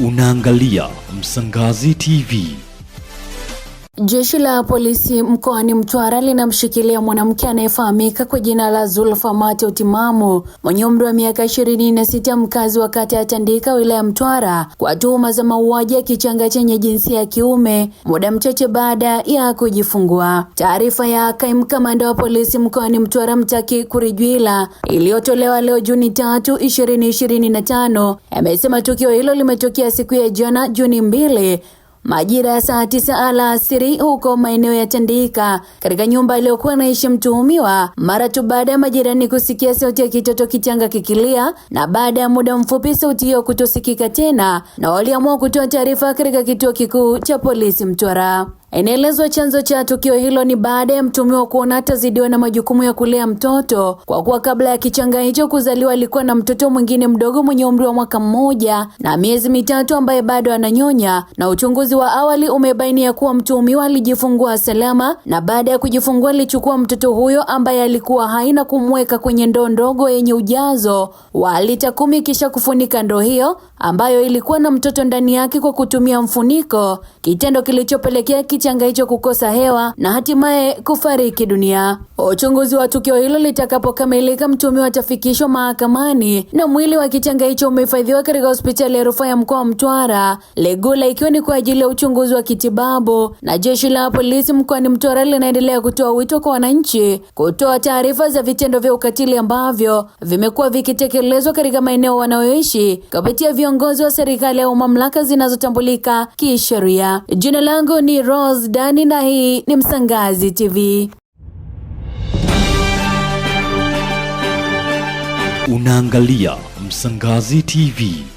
Unaangalia Msangazi TV. Jeshi la polisi mkoani Mtwara linamshikilia mwanamke anayefahamika kwa jina la Zulfa Mate Utimamu mwenye umri wa miaka ishirini na sita mkazi wa kata ya Tandika wilaya Mtwara kwa tuhuma za mauaji ya kichanga chenye jinsia ya kiume muda mchache baada ya kujifungua. Taarifa ya kaimu kamanda wa polisi mkoani Mtwara Mtaki Kurijwila iliyotolewa leo Juni tatu ishirini ishirini na tano amesema tukio hilo limetokea siku ya jana Juni mbili majira ya saa tisa alasiri huko maeneo ya Tandika katika nyumba iliyokuwa naishi mtuhumiwa, mara tu baada ya majirani kusikia sauti ya kitoto kichanga kikilia, na baada ya muda mfupi sauti hiyo kutosikika tena, na waliamua kutoa taarifa katika kituo kikuu cha polisi Mtwara. Inaelezwa chanzo cha tukio hilo ni baada ya mtumiwa kuona atazidiwa na majukumu ya kulea mtoto kwa kuwa kabla ya kichanga hicho kuzaliwa alikuwa na mtoto mwingine mdogo mwenye umri wa mwaka mmoja na miezi mitatu ambaye bado ananyonya, na uchunguzi wa awali umebaini ya kuwa mtumiwa alijifungua salama, na baada ya kujifungua alichukua mtoto huyo ambaye alikuwa hai na kumweka kwenye ndoo ndogo yenye ujazo wa lita kumi kisha kufunika ndoo hiyo ambayo ilikuwa na mtoto ndani yake kwa kutumia mfuniko, kitendo kilichopelekea kichanga hicho kukosa hewa na hatimaye kufariki dunia. Uchunguzi wa tukio hilo litakapokamilika, mtuhumiwa atafikishwa mahakamani na mwili wa kichanga hicho umehifadhiwa katika hospitali ya rufaa ya mkoa wa Mtwara Legula, ikiwa ni kwa ajili ya uchunguzi wa kitibabu. Na jeshi la polisi mkoani Mtwara linaendelea kutoa wito kwa wananchi kutoa taarifa za vitendo vya ukatili ambavyo vimekuwa vikitekelezwa katika maeneo wanayoishi kupitia viongozi wa serikali au mamlaka zinazotambulika kisheria. Jina langu ni Ron Rose Dani na hii ni Msangazi TV. Unaangalia Msangazi TV.